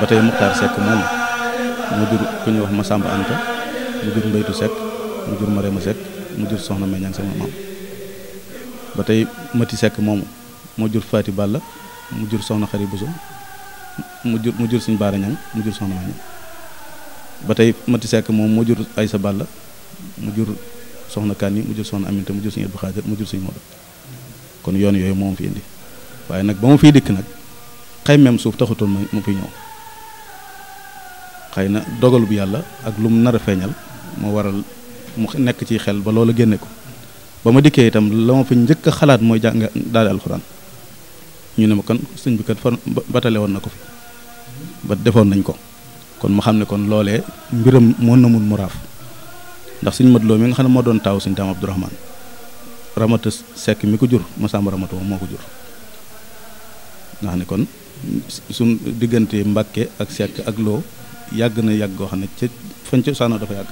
ba tey Muxtaar Sekk moom mu jur ku ñuy wax Masamba Anta mu jur Mbaytu Sekk mu jur Marema Sekk mu jur Soxna Meññaan sama maam ba tey Mati Sekk moomu moo jur Faati Balla mu jur Soxna Xari Buso mu jur mu jur Sëñ Baara Ñaŋ mu jur Soxna Mañaŋ Mati Sekk moom moo jur Aysa Balla mu jur Soxna Kanni mu jur Soxna Aminta mu jur Sëñ Abdu Xaadir mu jur Sëñ Moodu kon yoon yooyu moom fi indi waaye nag ba mu fiy dikk nag xaymeem suuf taxutoon mu fi ñëw xëy na dogalu bu yàlla ak lu mu nar a feeñal moo waral mu nekk ci xel ba loola génne ko ba ma dikkee itam la ma fa njëkk a xalaat mooy jàng daal alxuraan ñu ne ma kon sëñ bi kat fan batale woon na ko fi ba defoon nañ ko kon ma xam ne kon loolee mbiram mën na mu raaf ndax suñ mat loo mi nga xam ne moo doon taaw suñ daam Abdourahman ramata sekk mi ko jur Masamba Ramata moo ko jur nga ne kon suñ diggante Mbàkke ak sekk ak loo yàgg na yàgg goo xam ne ca fañ ca dafa yàgg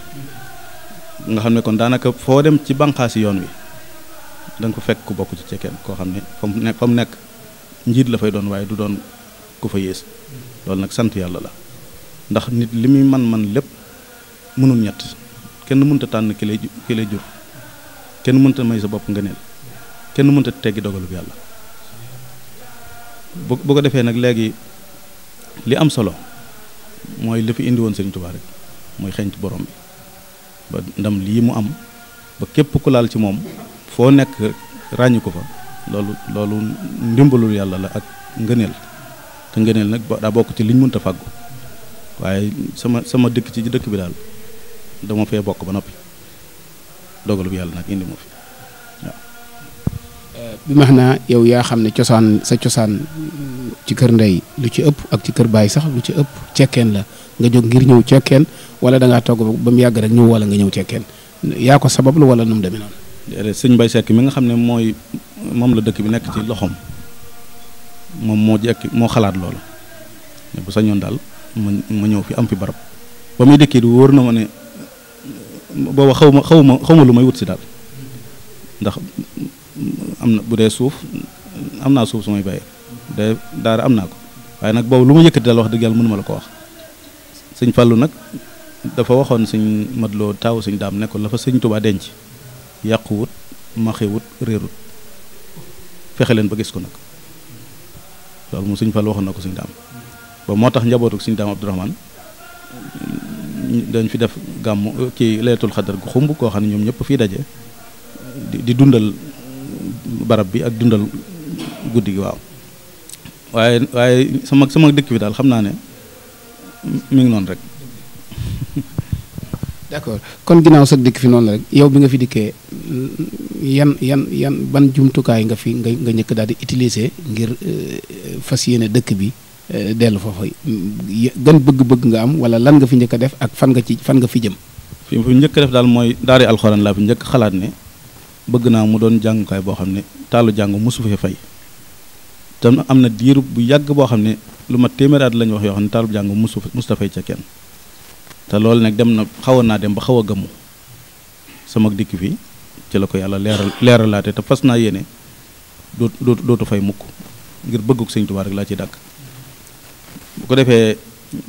nga xam ne kon daanaka foo dem ci banqaasi yoon wi da nga ko fekk ku bokk ci cekkeen koo xam ne fa mu nekk fa mu nekk njiit la fay doon waaye du doon ku fa yées loolu nag sant yàlla la ndax nit li muy man-man lépp mënul ñett kenn mënta tànn kile lay ki jur kenn mënta may sa bopp nga neen kenn mënta teggi dogalu yàlla bu bu ko defee nag léegi li am solo mooy li fi indi woon Sëriñ Tuubaa rek mooy xeeñtu borom bi ba ndam lii mu am ba képp ku laal ci moom foo nekk ràññi ko fa loolu loolu ndimbalul yàlla la ak ngëneel te ngëneel nag daa bokk ci liñ mënta fàggu waaye sama sama dëkk ci dëkk bi daal dama fee bokk ba noppi dogalu yàlla nag indi ma fi waaw. bi ma xam yow yaa xam ne cosaan sa cosaan ci kër ndey lu ci ëpp ak ci kër baay sax lu ci ëpp cekkeen la nga jóg ngir ñëw cekkeen wala da ngaa togg ba mu yàgg rek ñëw wala nga ñëw cekkeen yaa ko sabablu wala nu mu demee noonu. déedéet sëñ Mbaye Seck mi nga xam ne mooy moom la dëkk bi nekk loxoom moom moo jekk moo xalaat loolu ne bu sañoon daal ma ñëw fi am fi barab ba muy dëkkee di wóor na ma ne booba xaw ma xaw ma xaw ma lu may wut si daal ndax am na bu dee suuf am naa suuf su may de daara am naa ko waaye nag boobu lu ma yëkkati daal wax dëgg yàlla mënu ma la ko wax sëñ Fallou nag dafa waxoon sëñ Madloo taaw sëñ daam nekkoon ko la fa sëñ Touba denc yàquwut maxewut réerut fexe leen ba gis ko nag loolu moom sëñ Fallou waxoon daam ba moo tax njabootu sëñ daam Abdourahmane dañ fi def gàmmu kii leetul xadar gu xumb koo xam ne ñoom ñépp fii daje di dundal barab bi ak dundal guddi gi waaw waaye waaye sama sama dëkk bi daal xam naa ne mu ngi noonu rek. d'accord kon ginnaaw sa dikk fi noonu la rek yow bi nga fi dikkee yan yan yan ban jumtukaay nga fi nga nga njëkk daal di utilise ngir euh, fas yéene dëkk bi euh, dellu foofa gën bëgg-bëgg nga am wala lan nga fi njëkk def ak fan nga ci fan nga fi jëm. fi fi njëkk def daal mooy daari alxuraan laa fi njëkk xalaat ne bëgg naa mu doon jàngukaay boo xam ne taalu jàng mosu fee fay te am na diir bu yàgg boo xam ne lu ma téeméeri at lañu wax yoo xam ne taalub jàng musu mustafay ca kenn te loolu nag dem na xawoon naa dem ba xaw a gëmmu sama dikk fi ci la ko yàlla leeral leeralaate te fas naa yéene dootu dootu fay mukk ngir bëgguk sëñ Tuubaa rek laa ci dàkk bu ko defee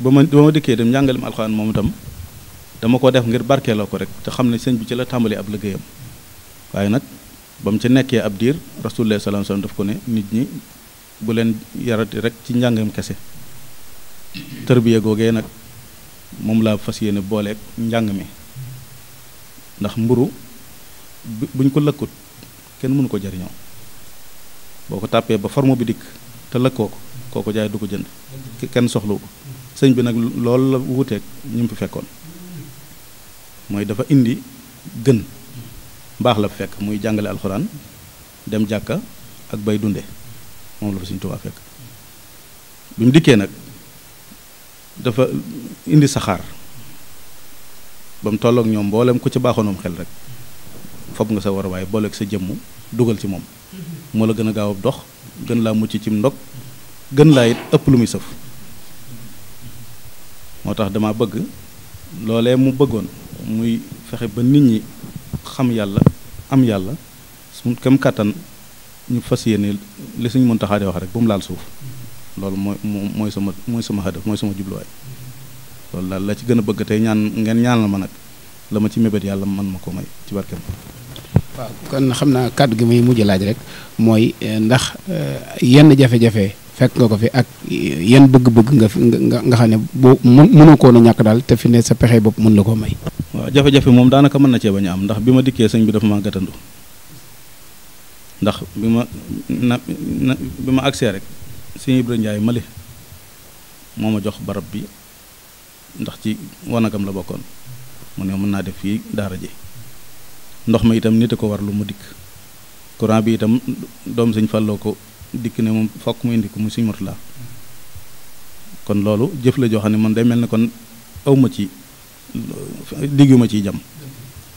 ba ma ba ma dikkee dem njàngalem alxuraan moom itam dama ko def ngir barkeeloo ko rek te xam ne sëñ bi ci la tàmbali ab yam waaye nag ba mu ci nekkee ab diir rasulullah sallallahu alayhi wasallam daf ko nit ñi bu leen yarati rek ci njàngam kese tërbiye googee nag moom laa fas yéene booleeg njàng mi ndax mburu buñ ko lëkkut kenn mënu ko jariñoo boo ko tàppee ba forme bi dikk te lëkkoo ko kooko jaay du ko jënd kenn soxlawu ko sëñ bi nag loolu la wuuteeg ñu fi fekkoon mooy dafa indi gën mbaax la fekk muy jàngale alxuraan dem jàkka ak bay dunde moom la fa Sëriñ Tuubaa fekk bi mu dikkee nag dafa indi saxaar ba mu tolloog ñoom mboolem ku ci baaxoonoom xel rek fob nga sa war waaye booleeg sa jëmm dugal ci moom moo la gën a gaaw dox gën laa mucc cim ndog gën laa it ëpp lu muy sëf moo tax dama bëgg loolee mu bëggoon muy fexe ba nit ñi xam yàlla am yàlla su kam kàttan ñu fas yéene li suñ mën taxaa di wax rek bu mu laal suuf loolu mooy mooy sama mooy sama xadaf mooy sama jubluwaay loolu daal la ci gën a bëgg tey ñaan ngeen ñaanal ma nag la ma ci mébét yàlla man ma ko may ci barkeem. waaw kon xam naa kàddu gi muy mujj laaj rek mooy eh, ndax eh, yenn jafe-jafe fekk nga ko fi ak eh, yenn bëgg-bëgg nga fi nga nga xam ne boo mënoo koon a ñàkk daal te fi sa pexe bopp mën la koo may. waaw jafe-jafe moom daanaka mën na cee bañ am ndax bi ma dikkee sëñ bi dafa maa gàttandu ndax bi ma na bi ma agsee rek sëñ Ibra Njaay mali moo ma jox barab bi ndax ci wanagam la bokkoon mu ne mën naa def fii daara ji ndox ma itam nit a ko war lu mu dikk courant bi itam doom sëñ fàlloo ko dikk ne moom fokk mu indi ko mu sëñ Murtala kon loolu jëf la joo xam ne man day mel ne kon awma ci digguma ciy jam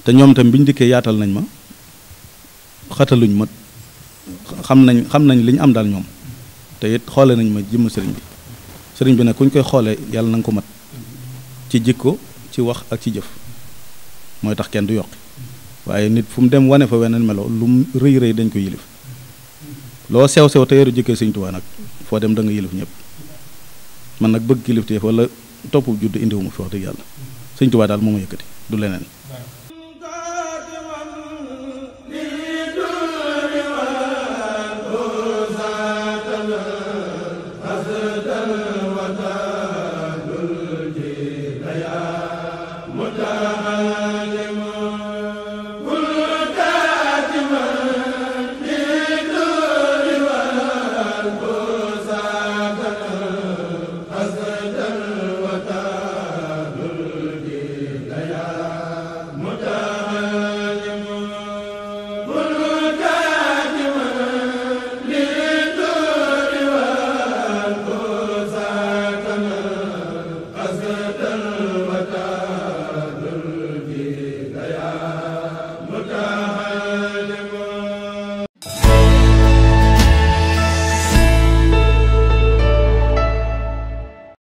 te ñoom itam bi ñu dikkee yaatal nañ ma xataluñ ma xam nañ xam nañ li ñu am daal ñoom te it xoole nañ ma jimm sëriñ bi sëriñ bi nag ku ñu koy xoole yàlla na ko mat ci jikko ci wax ak ci jëf mooy tax kenn du yokki waaye nit fu mu dem wane fa weneen melo lu mu rëy rëy dañ ko yilif loo sew sew te yaru jëkkee sëriñ Tuubaa nag foo dem danga nga yilif ñëpp man nag bëgg kilifteef wala topp judd indiwu ma fi wax dëgg yàlla sëñtuwaa daal moo ma yëkkati du leneen